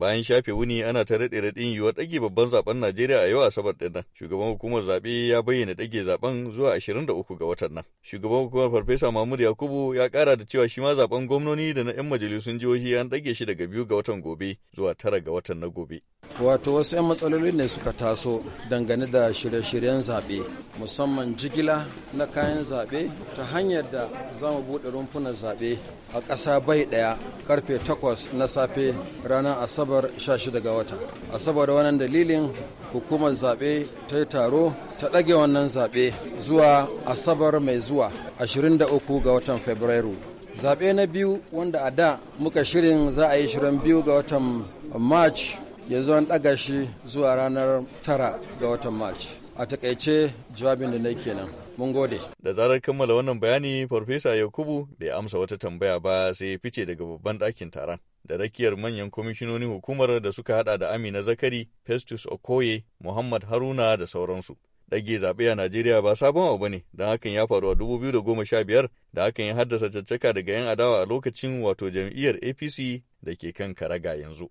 bayan shafe wuni ana ta raɗe raɗin yiwuwar ɗage babban zaben Najeriya a yau Asabar ɗin nan. Shugaban hukumar zaɓe ya bayyana ɗage zaben zuwa 23 ga watan nan. Shugaban hukumar Farfesa Mahmud Yakubu ya ƙara da cewa shi ma zaben gwamnoni da na 'yan majalisun jihohi an ɗage shi daga biyu ga watan gobe zuwa tara ga watan na gobe. wato wasu 'yan matsaloli ne suka taso dangane da shirye-shiryen zaɓe musamman jigila na kayan zaɓe ta hanyar da za mu buɗe rumfunan zaɓe a ƙasa bai ɗaya karfe 8 na safe ranar asabar 16 ga wata asabar wannan dalilin hukumar zaɓe ta yi taro ta ɗage wannan zaɓe zuwa asabar mai zuwa 23 ga watan fabrairu zaɓe na biyu wanda a da muka shirin za a yi shirin biyu ga watan march yanzu an ɗaga shi zuwa ranar tara ga watan march a takaice jawabin da na kenan mun gode da zarar kammala wannan bayani farfesa yakubu da ya amsa wata tambaya ba sai ya fice daga babban ɗakin taron da rakiyar manyan kwamishinonin hukumar da suka hada da amina zakari festus okoye muhammad haruna da sauransu ɗage zaɓe a Najeriya ba sabon abu ne don hakan ya faru a 2015 da hakan ya haddasa caccaka daga 'yan adawa a lokacin wato jam'iyyar APC da ke kan karaga yanzu.